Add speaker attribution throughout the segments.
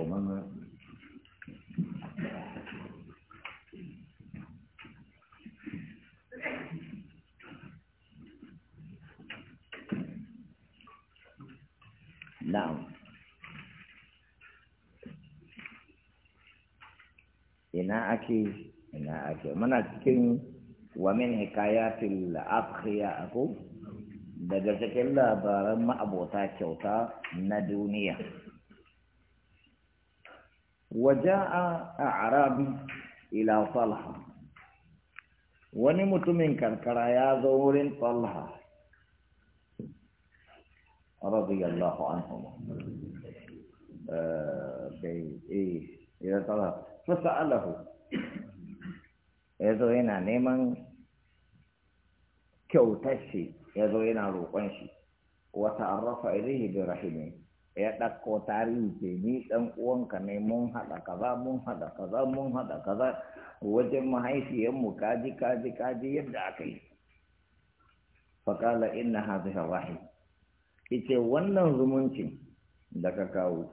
Speaker 1: komanda. ake ina ake muna cikin wa hikayatil abkhiya daga cikin labaran ma'abota kyauta na duniya. وجاء أعرابي إلى طلحة ونمت من كركرة يا زور طلحة رضي الله عنهما آه، إيه، إلى طلحة فسأله إذا هنا نيمان كوتشي إذا هنا روقنشي وتعرف إليه برحمه ya ɗakko tarihi Ke ni ɗan uwanka ne mun haɗa kaza mun haɗa kaza mun haɗa kaza wajen mahaifiyanmu kaji kaji kaji yadda aka yi faƙala inna hadhihi rahi ita wannan zumuncin da ka kawo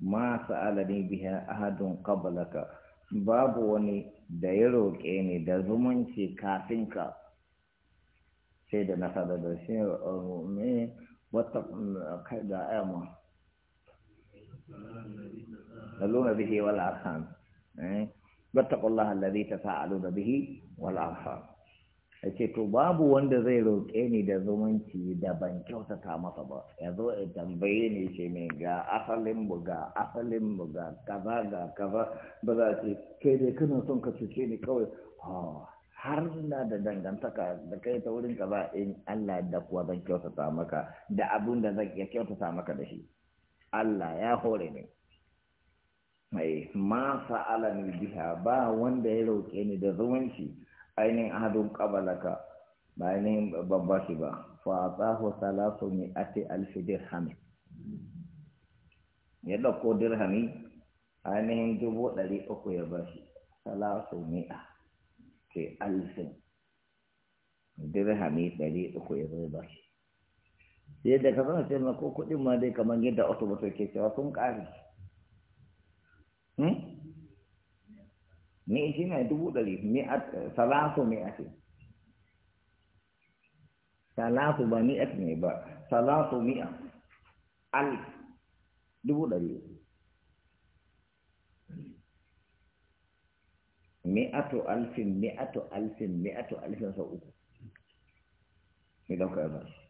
Speaker 1: ma ne biya ahadun qablaka babu wani da ya roƙe ni da zumunci kafin ka sai da na sadar da shi oh, wata da mm, ayyamu laluna bihi wal arham eh? wattaqu Allah alladhi tasaaluna bihi wal arham yace to babu wanda zai roƙe ni da zumunci da ban kyautata masa ba ya zo ya tambaye ni ce ne ga asalin mu ga asalin mu ga kaza ga kaza ba za ce kai dai kana son ka cuce ni kawai ah. har na da dangantaka da kai ta wurin ba in Allah da kuwa zan kyautata maka da abun da zan iya kyautata maka da shi Allah ya hore ni mai ma sa'ala ni biha ba wanda ya roke ni da zumunci. ainihin ahadun qabalaka ba ainihin babba shi ba fa atahu salasu mi'ati alfi dirham ya dauko dirhami ainihin dubu ɗari uku ya bashi salasu mi'a Alifin, alfin dirhami ɗari uku ya zai ba shi sai da ka zama ce ko kuɗin ma dai kamar yadda otomoto ke cewa sun ƙari hmm? ni shi ne dubu ɗari salasu ne a ce salasu ba ni'at ne ba salasu mi'a alif dubu ɗari mi'atu alfin mi'atu alfin mi'atu alfin sau uku idan ka yaba shi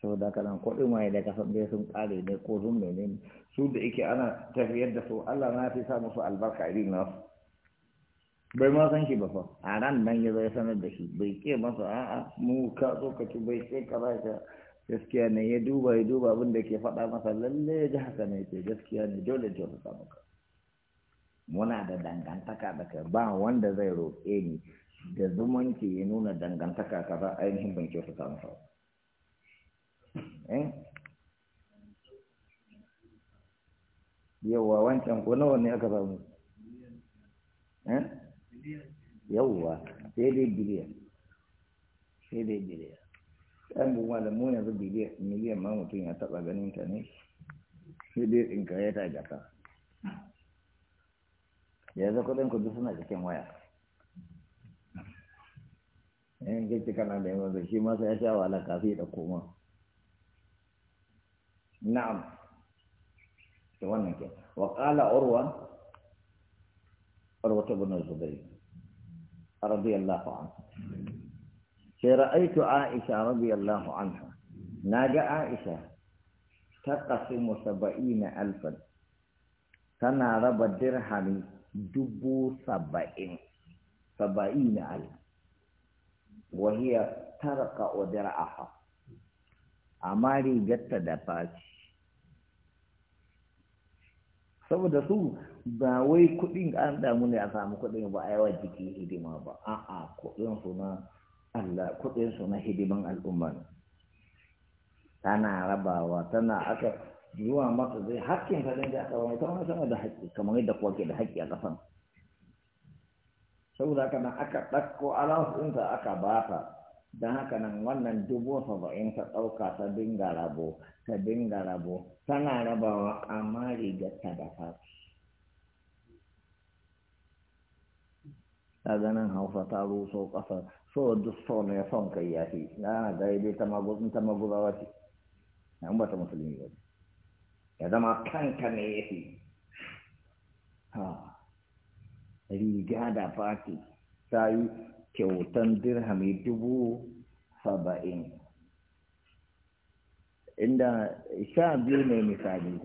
Speaker 1: saboda haka nan kuɗin waye da kasan dai sun ƙare ne ko sun mene su da ike ana tafiyar da su Allah na fi sa musu albarka irin nasu bai ma san shi ba fa a ran nan ya zai sanar da shi bai ke masa a'a mu ka tsokaci bai ce ka ba ka gaskiya ne ya duba ya duba abin da ke faɗa masa lalle ya ji haka ne ce gaskiya ne dole dole ka maka muna da dangantaka da kai ba wanda zai roƙe ni da zumunci ya nuna dangantaka kaza ainihin ban kyautata masa eh yawwa wancan ko nawa ne aka samu eh? yauwa yawwa sai dai biliyan sai dai biliyan ɗan bu mu yanzu miliyan ma mutum ya taɓa ganin ta ne sai dai in ka ta jaka yanzu kuɗin kudu suna cikin waya yan gaci kana da yawan shi ma sai ya sha wahala kafi da koma na'am da wannan ke wa qala urwa urwa ibn zubayr radiyallahu anhu sai ra'aitu Aisha radiyallahu anha ga Aisha taqasimu na alfan tana raba dirhami dubu saba'in saba'in alf wa a tarqa a mari gatta da faci saboda su ba wai kudin an damu ne a samu kudin ba a yawa jiki hidima ba a'a kudin su na Allah kuɗinsu na hidiman al'umma tana rabawa tana aka zuwa masa zai haƙƙin sa da aka wani kamar sama da haƙƙi kamar yadda kuwa ke da haƙƙi a ƙasan saboda haka nan aka ɗauko alasunsa aka ba ta don haka nan wannan dubu saba'in ta ɗauka ta dinga rabo ta dinga rabo tana rabawa amma riga ta da fata ta ganin hausa ta ruso ƙasar so duk son ya son kai ya fi na daidai ta magudin ta magudawa ce na ba ta musulmi ba ya zama kanka ne ya fi ha riga da fati ta yi kyautan dirhami dubu saba'in inda sha biyu ne misali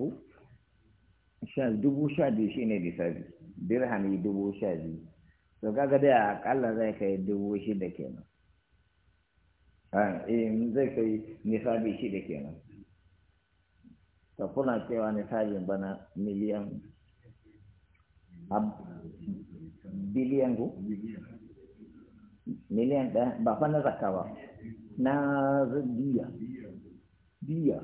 Speaker 1: sha dubu sha biyu shi ne misali dirhami dubu sha biyu to kaga dai akalla zai kai dubu shida kenan in eh, zai kai nisabi shida kenan to kuna cewa nisabin bana miliyan biliyan ku miliyan ɗaya ba fa na zakka ba na biya biya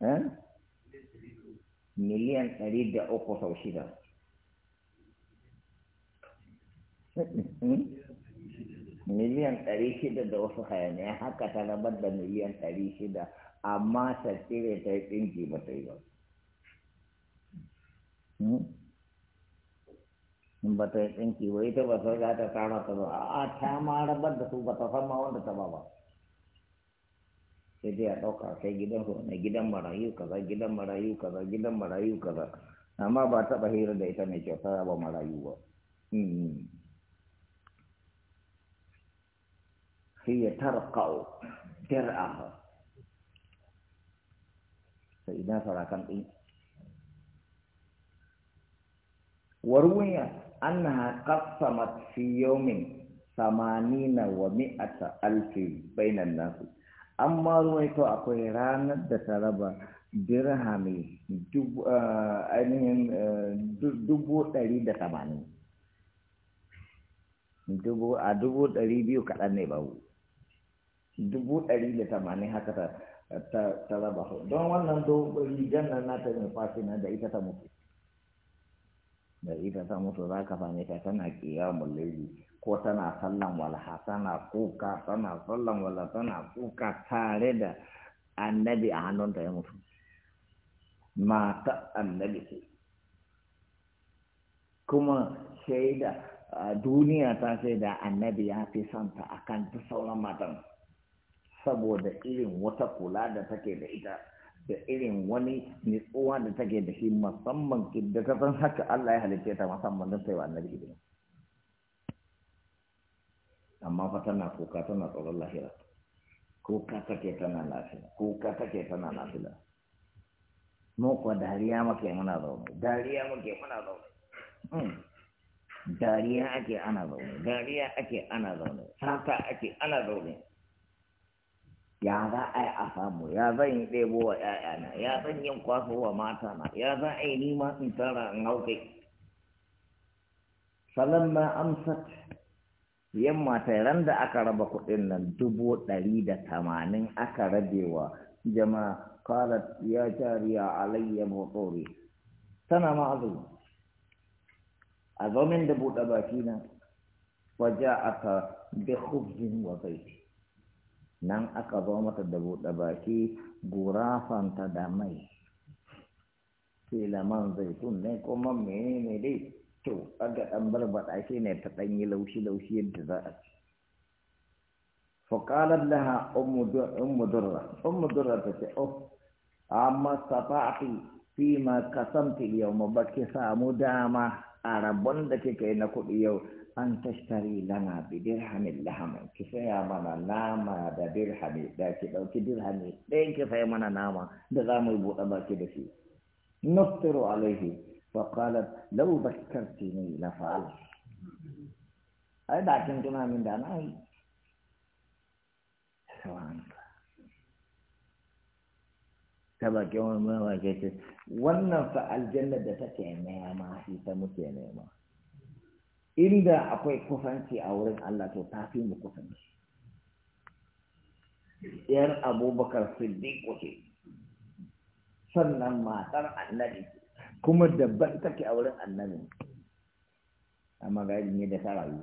Speaker 1: eh? miliyan ɗari da uku sau shida Hmm? miliyan ɗari shida da wasu hayaniya haka ta rabar da miliyan ɗari shida amma ta cire ta yi tsinki ba ta yi ba hmm? ba ta yi tsinki ba ita ba sai za ta tara ta ba a ta ma rabar da su ba ta san ma wanda ta ba ba sai dai a ɗauka sai gidan su na gidan marayu kaza gidan marayu kaza gidan marayu kaza amma ba taɓa hira da ita mai kyauta ba marayu ba hmm, hiya tarqau jar'ah Sayyidina Sarakan ini Warunya anha qasamat fi yawmin samanina wa mi'ata alfi bainan nasi Amma ruwa itu ranar da ta raba dirhami dubu eh, eh, ɗari da tamanin. dubu ɗari biyu kaɗan ne bawu. dubu ɗari da tamanin haka ta ta raba don wannan rigar nan nata mai fashi na da ita ta mutu da ita ta mutu za ka same ta tana kiyamun laili ko tana sallan walha tana kuka tana sallan walha tana kuka tare da annabi a hannunta ya mutu mata annabi ce kuma shaida duniya ta shaida annabi ya fi santa akan duk sauran matan saboda irin wata kula da take da ita da irin wani nitsuwa da take da shi musamman da ta san haka Allah ya halicce ta musamman don sai wa annabi Ibrahim amma fa tana kuka tana tsoron lahira kuka take tana lafiya kuka take tana lafiya mu kuwa dariya muke muna zaune dariya muke muna zaune hmm. dariya ake ana zaune dariya ake ana zaune sata ake ana zaune ya za a yi a samu ya zan yi ɗebo wa ‘ya'yana ya zan yin kwaso wa mata na ya za a yi nima in tara in hau kai na amsat yamma ta ran da aka raba kuɗin nan dubu ɗari da tamanin aka rabewa jama'a qalat ya jariya alayya motsori tana ma azumi a zomin da buɗe baki na waje aka bi khubzin wa zaiti nan aka zo mata da buɗe baki gurafanta da mai filaman zaitun ne kuma mene ne dai to aga ɗan barbaɗa shi ne ta ɗanyi laushi-laushi yadda za a ci faƙalar laha ummu durra ta ce oh amma safafi fi ma kasamti yau ma baki samu dama a rabon da kika yi na kuɗi yau أن تشتري لنا بدرهم اللهم كفاية منا ناما دا درهم دا كده درهم دين كفاية منا ناما دا غام يبوء أبا كده فيه نفطر عليه فقالت لو ذكرتني لفعلت أي دا كنتنا من دانا سبحانك ta bakin ما mawaƙe ce wannan fa دا da take ما ita muke inda akwai kusanci a wurin Allah to ta fi mu kusanci yar abubakar siddiqu ce sannan matar annabi kuma daban take a wurin annabi amma ga ne da ta rayu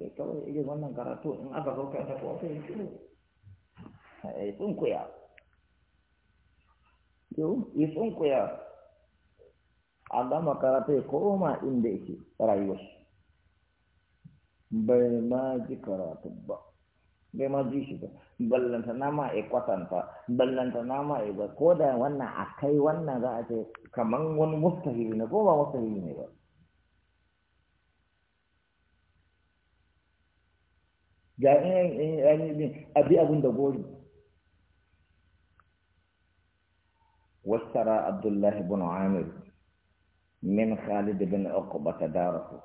Speaker 1: da kawai irin wannan karatu in aka zo kai ta kuwa sai tsunkuya yau yi tsunkuya a gama karatu koma inda yake rayuwar bai ma ji karatu ba bai ma ji shi ba ballanta na ma ya kwatanta ballanta na ma ya ba ko da wannan a kai wannan za a ce kamar wani mustahili ne ko ba mustahili ne ba ga ainihin abi abin da gori wasara abdullahi bin amir من خالد بن عقبة داره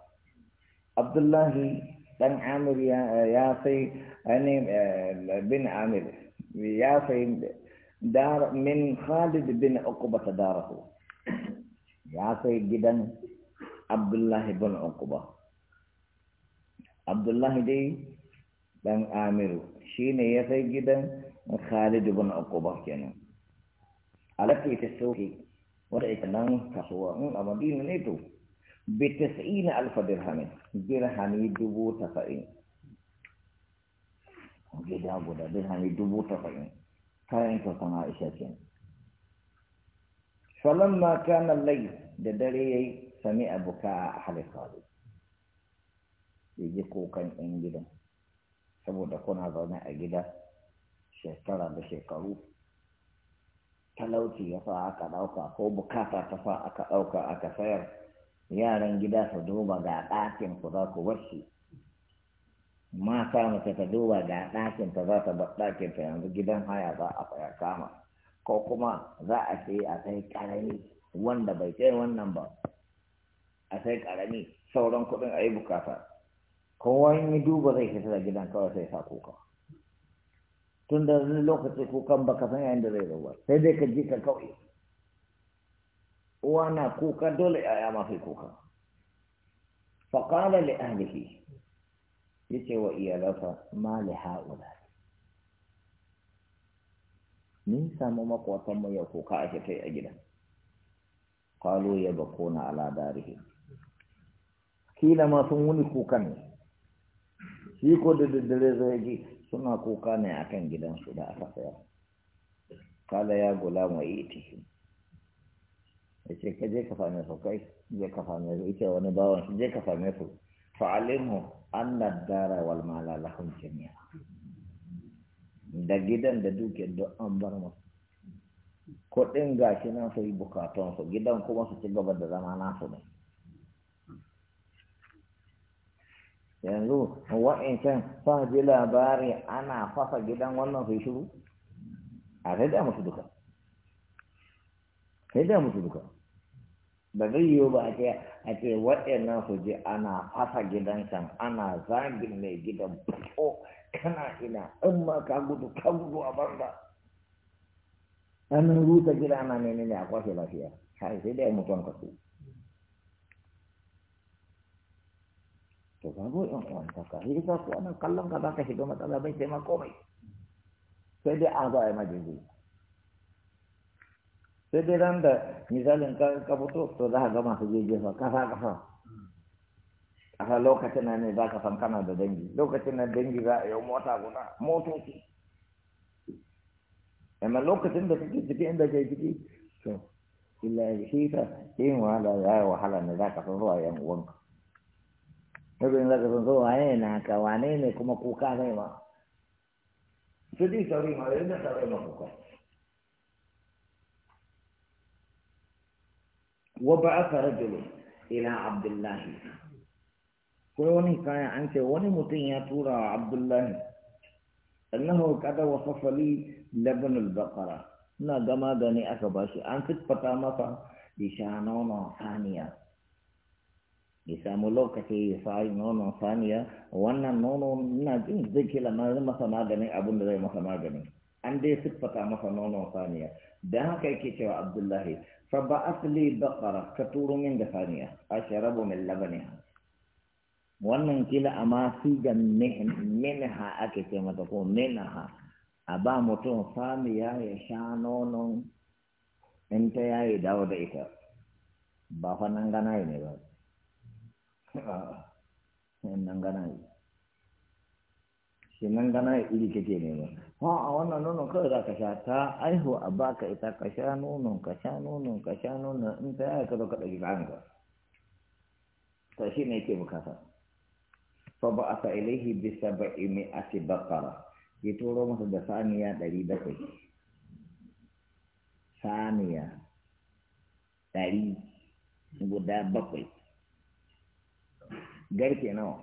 Speaker 1: عبد الله بن عامر يا يا سي يعني آه، بن عامر يا سي دار من خالد بن عقبة داره يا سي جدا عبد الله بن عقبة عبد الله دي بن عامر شين يا سي جدا خالد بن عقبة كان يعني. على في السوق wanda ita nan kasuwa hmm, in a madina ne to bi tas'ina alfa dirhamin dirhami dubu tasa'in gida guda dirhami dubu tasa'in kayan ka sana isha ce falamma kana lai da dare yayi sami abuka a halikari yaji kokan yan gidan saboda kuna zaune a gida shekara da shekaru talauci ya sa aka ɗauka ko bukata ta sa aka ɗauka aka sayar yaran gida su duba ga ɗakin ku za ku washi mata mace ta duba ga ɗakin ta za ta bar ɗakin ta yanzu gidan haya za a faya kama ko kuma za a ce a sai ƙarami wanda bai kai wannan ba a sai ƙarami sauran kuɗin a yi bukata kowa yi duba zai fita da gidan kawai sai sa kuka tun da wani lokaci kukan baka san yayin da zai zo ba sai dai ka ji ka kawai uwa na kuka dole yaya ma kai kuka faqala li ahlihi yace wa iyalansa ma li haula min samu makwatan mu ya kuka a kai a gidan qalu yabquna ala darihim kila ma sun wuni kukan ne shi ko da daddare zai ji suna kuka ne a kan gidansu da aka sayar kala ya gula wa itihi ya ce ka je ka kai je ka fame su ita wani bawan su je ka fame su an na dara wal mala jami'a da gidan da duke don an bar masu kuɗin gashi nan su yi bukatunsu gidan kuma su ci gaba da zama nasu ne yanzu wa'ancan sa ji labari ana fasa gidan wannan sai shiru a sai musu duka sai musu duka Da zai yiwu ba a ce a ce waɗannan su je ana fasa gidan can ana zagin mai gidan fito kana ina in ma ka gudu ka gudu a banza an rusa gida ana ne a kwashe lafiya sai dai mutuwan kasu to babu yan uwantaka shi isa ko ana kallon ka za ka shiga matsala bai sai ma komai sai dai an za a yi majinji sai dai ran da misalin ka fito to za ka ga masu jejefa kafa kafa a lokacin nan ne za ka san kana da dangi lokacin nan dangi za a yi mota guda motoci amma lokacin da kake ciki inda ke ciki to illa shi ta yin ya yi wahala ne za ka san zuwa yan uwanka mutum zaka san so wane ne kawan ini, ne kuma kuka mai ma su dai sauri ma yadda sauri ma kuka wa ba'atha rajulun ila Abdullah. Kau wani kaya an kau wani mutum ya tura Abdullah. Allah kata kada wasafa li laban al-baqara ina gama gani aka bashi an fitfata masa bishanona saniya ya samu lokaci ya sa nonon saniya wannan nono na jin zai kila masa maganin abin zai masa maganin an dai siffata masa nonon saniya dan haka yake cewa abdullahi fa ba asli baqara ka turo min da saniya ashrabu min labaniha wannan kila a masu ga minha ake ce mata ko minha a ba mutum saniya ya sha nonon in ta yayi dawo da ita ba fa nan ne ba a'a nan gana shi nan gana yi iri kake nema ha a wannan nonon kawai za ka sha ta aihu a baka ita ka sha nonon ka sha nonon ka sha nonon in ta yaya ka zo ka ɗauki kayan ka to shi ne yake bukata fa ba aka ilaihi bi a mi'ati baqara ya turo masa da saniya ɗari bakwai saniya ɗari guda bakwai garke nawa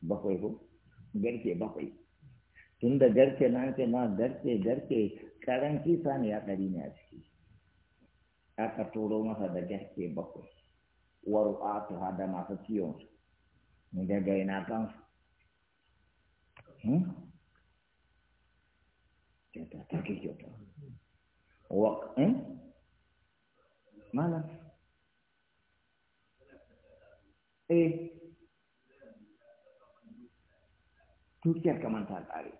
Speaker 1: bakwai ko garke bakwai tun da garke na ce ma garke garke karanci sani ya ɗari ne a ciki aka turo masa da garke bakwai warƙatu da masu ciwon su daga ina kansu hmm? kyauta ta ke kyauta hmm? malam eh dukiyar kamar ta tsari.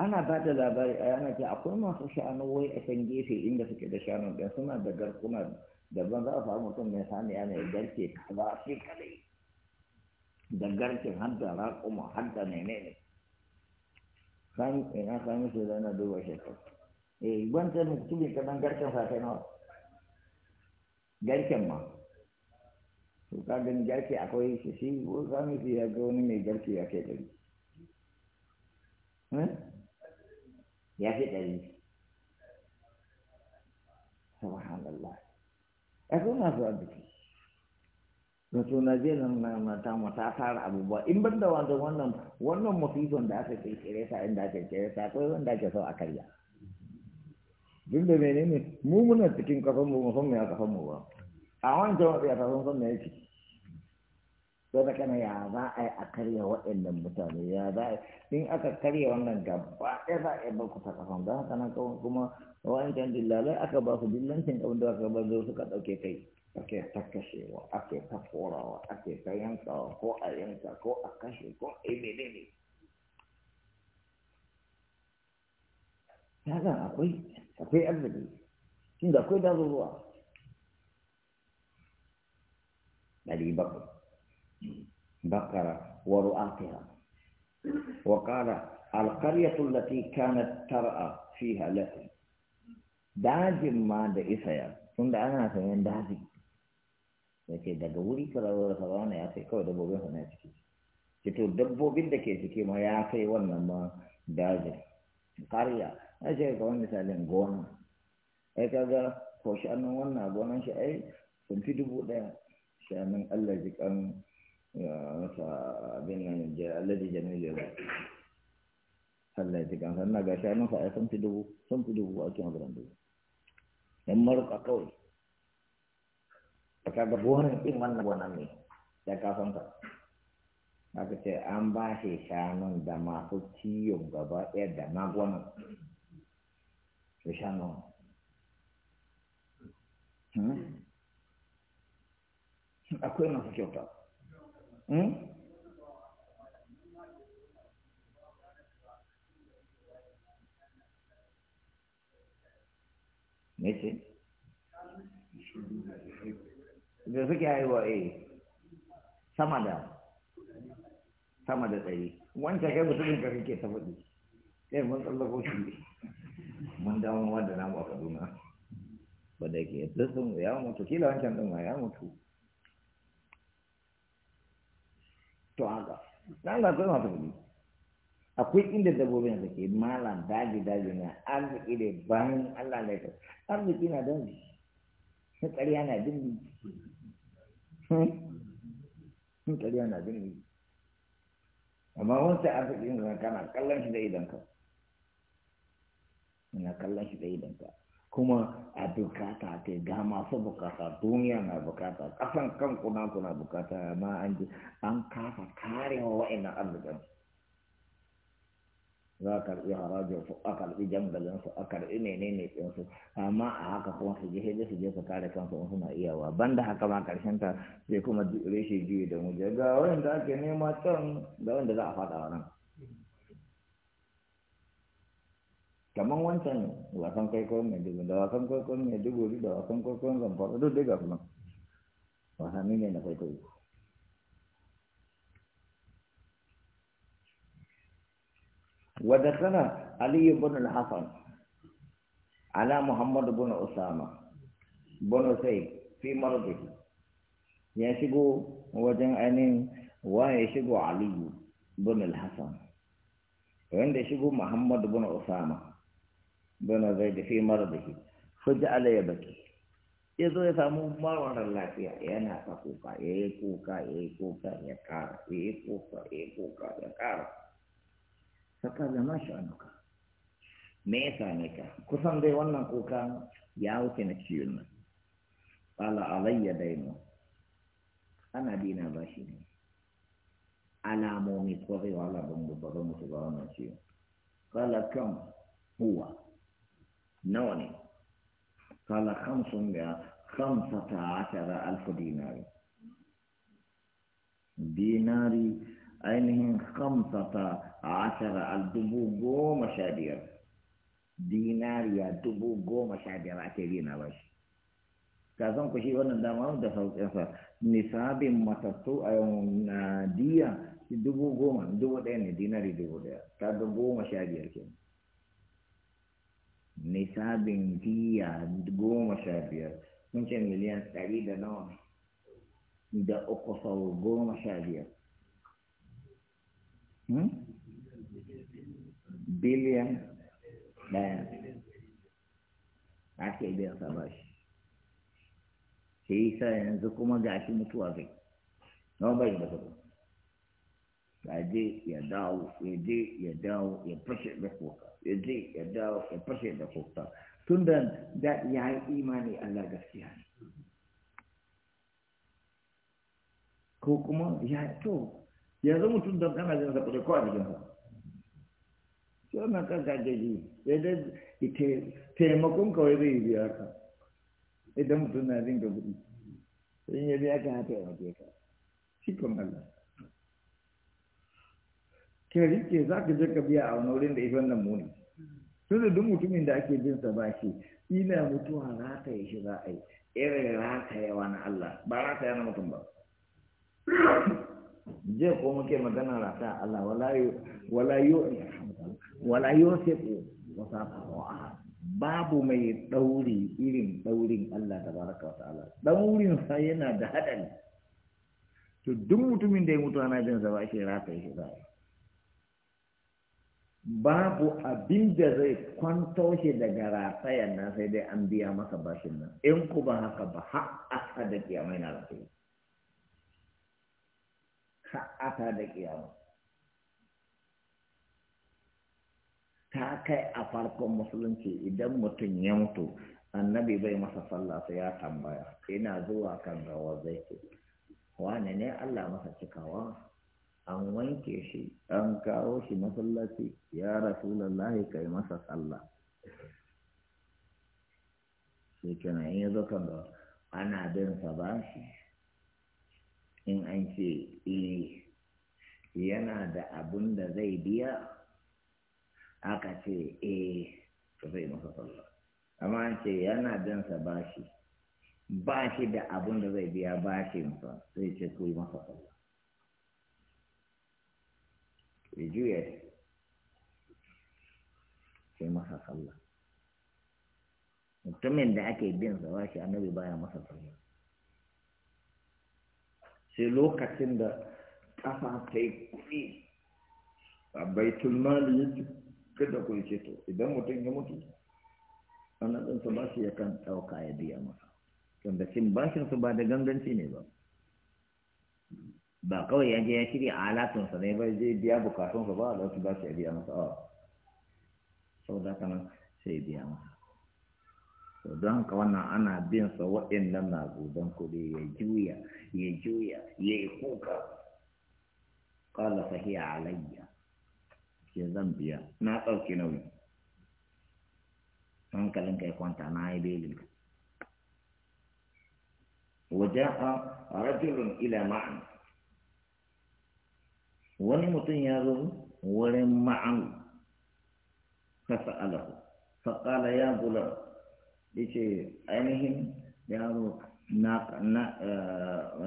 Speaker 1: ana ba da labari a yana ce akwai masu shanu wai a can gefe inda suke da shanu ɗin suna da garkuna daban za a fara mutum mai sani yana ya garke kaza shi kadai da garkin har da raƙuma har da mene ne sami ina sami su zana duba shekaru eh gwanta mutumin kaɗan garken sa kai nawa garken ma to ka gani garke akwai shi shi ko sami shi ya ga wani mai garke ya ke ɗari eh? ya ke ɗari subhanallah ya ko masu arziki da je nan na mata mata tara abubuwa in ban da wanda wannan wannan mafifon da aka kirkire ta inda aka kirkire ta akwai wanda ake so a karya duk da menene mu muna cikin kafan mu musamman ya kafan mu ba a wancan wata ya kafan san me yake sai da kana ya za a yi a karya waɗannan mutane ya za a in aka karya wannan gaba ɗaya za a yi barku ta kafan don haka nan kuma wa'ancan dillalai aka ba su dillancin abin da aka bar suka ɗauke kai ake ta kashewa ake ta korawa ake ta yankawa ko a yanka ko a kashe ko a yi menene ya zan akwai akwai arziki inda akwai dazuruwa ɗari bakwai بقرة ورؤاتها وقال القرية التي كانت tara فيها لكم dajin ma da isaya tun da ana sayan daji da daga wuri karawar sabawana ya kai kawai dabbobin sa na ciki fito dabbobin da ke ciki ma ya kai wannan ma dajin kariya a ce ga wani misalin gona ai kaga ko shanun wannan gonan shi ai sun fi dubu ɗaya sha'anin allah jikan masa abin nan alladhi jamilu ya Allah ya tukan sannan ga shi masa ai sun fi dubu sun fi dubu a cikin abin dubu yan marka kawai ka ga buhari din wannan wannan ne ya kafan ka aka ce an ba shi shanun da masu ciyon gaba ɗaya da magwanan da shanun hmm? akwai masu kyauta Me ce? Da suke haihuwa eh sama da sama da tsari wancan kai mutumin ka kake ta faɗi sai mun tsallako shi ne. mun damu wanda namu a kaduna ba da ke yadda sun ya mutu kila wancan ɗin ma ya mutu to haka dan da kai masu akwai inda dabbobin da ke malam daji daji na arziki da bayan Allah ne ka arziki na don shi na dindi shi hmm? hmm, na dindi amma wancan arziki na kana kallon shi da idan ka ina kallon shi da idan ka kuma a bukata ta ga masu bukata duniya na bukata kasan kan kuna kuna bukata amma an ji an kafa karewa wa'annan arzikin za a karbi harajin su a karbi jangalin su a karbi ne ɗin su amma a haka kuma su je hejji su je su kare kansu in suna iyawa banda haka ma karshen ta sai kuma reshe juyi da mu ga wanda ake nema can da wanda za a faɗa wa kamar wancan wasan kwaikwayon mai dubu da wasan kwaikwayon mai dubu da wasan kwaikwayon zamfara duk daga kuma wasanni ne na kwaikwayo ودخل علي بن الحسن على محمد بن أسامة بن سيد في مرضه يشجو وجن shigo Aliyu علي بن الحسن وعند shigo Muhammadu بن Usama. bin zaid fi maradihi faj'ala yabki ya zo ya samu mawarar lafiya yana ta kuka ya yi kuka ya yi kuka ya kara ya yi kuka ya yi kuka ya kara saka da mashi anuka me ya same ka kusan dai wannan kuka ya wuce na ciwon nan ala alayya daino ana dina ba shi ne ana ko zai ala ban ba zan mutu ba wannan ciwon ƙala kan huwa نوني قال خمس يا خمسة عشر ألف دينار ديناري أينهم خمسة عشر الدبو قوم شادير دينار يا دبو قوم شادير أتبين أباش كازون كشي وانا دامان دفعوا كيسا نساب مطرطو أيون آه، دية دبو قوم دبو ديني ديناري دبو دية كادبو قوم شادير كيسا nisabin diya goma sha biyar mun ce miliyan ɗari da nawa da uku sau goma sha biyar biliyan ɗaya ake biyan sa bashi sai sa yanzu kuma gashi mutuwa zai nawa bai da kudu ya je ya dawo ya je ya dawo ya fashe da kuka ya je ya dawo ya fashe da kuka da ya imani Allah gaskiya ne ko kuma ya to yanzu mutum don kana jin sakwai ko a jikin sa shi wannan kanka gaji da taimakon kawai zai biya ka idan mutum ka kuɗi in ya biya ka ya ka rike za ka je ka biya a wani wurin da ya wannan muni tun da duk mutumin da ake bin sa ba shi ina mutuwa za yi shi za a yi irin yi na Allah ba za rataye yana mutum ba je ko muke magana rata Allah wala yu wala yu wala yusifu wasafahu babu mai dauri irin daurin Allah da baraka wa ta'ala ɗaurin sa yana da haɗari. to duk mutumin da ya mutu ana jin sa ba shi rataye shi za a yi babu abin da zai kwanto shi daga ratayen na sai dai an biya masa bashin nan in ku ba haka ba ta da kiyamai na rataye ta da kiyama ta kai a farkon musulunci idan mutum ya mutu annabi bai masa sallah sai ya tambaya ina zuwa kan rawar zai ke wane ne Allah masa cikawa an wanke shi an kawo shi masallaci ya rasulullahi kai masa sallah shi kenan in zo kan ba ana bin sa bashi in an ce eh yana da abun da zai biya aka ce eh to zai masa sallah amma an ce yana bin sa bashi ba shi da abun da zai biya bashinsa sai ce ku yi masa sallah ya juya sai masa sallah mutumin da ake bin sa washi annabi baya masa sallah sai lokacin da kafa ta yi kuɗi a baitul mali ya ci kada ku ce to idan mutum ya mutu wannan ba shi ya kan ɗauka ya biya masa tunda cin bashin ba da ganganci ne ba ba kawai ya je ya shirya alatunsa ne ba zai biya bukatunsa ba da ɗauki ba shi biya masa a sau da kanan sai biya masa to don haka wannan ana bin sa waɗannan na gudan kuɗi ya juya ya juya ya yi kuka ƙala sahiya alayya ke zan biya na ɗauki nauyi hankalin kai kwanta na yi belin wajen a rajulun ila ma'ana wani mutum ya zo wurin ma'an fasa'alahu faƙala ya bula ya ce ainihin ya zo na eh,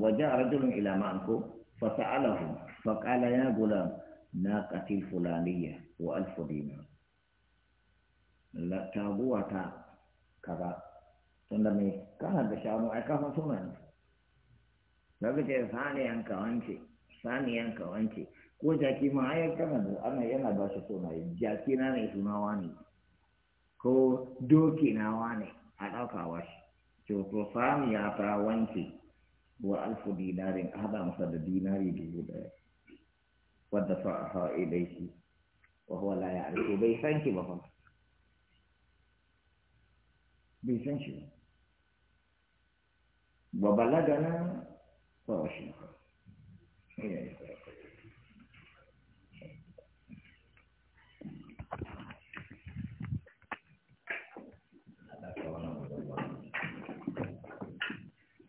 Speaker 1: wajen rajulun ila ma'an ko fasa'alahu faƙala ya bula na ƙatil fulaniya wa alfu dinar taguwa ta kaza tunda mai kana da shanu ai kafin suna ne daga ce sani an wance saniyan ka wance ko jaki ma ai kana ana yana ba shi suna jaki na ne suna wani ko doki na wani a ɗaukawa shi to ko ya ta wance wa alfu dinarin a haɗa masa da dinari dubu ɗaya wadda fa a ilaihi wa huwa la ya'rifu bai san ki ba fa bai san shi ba wa balagana fa wa shi Yeah.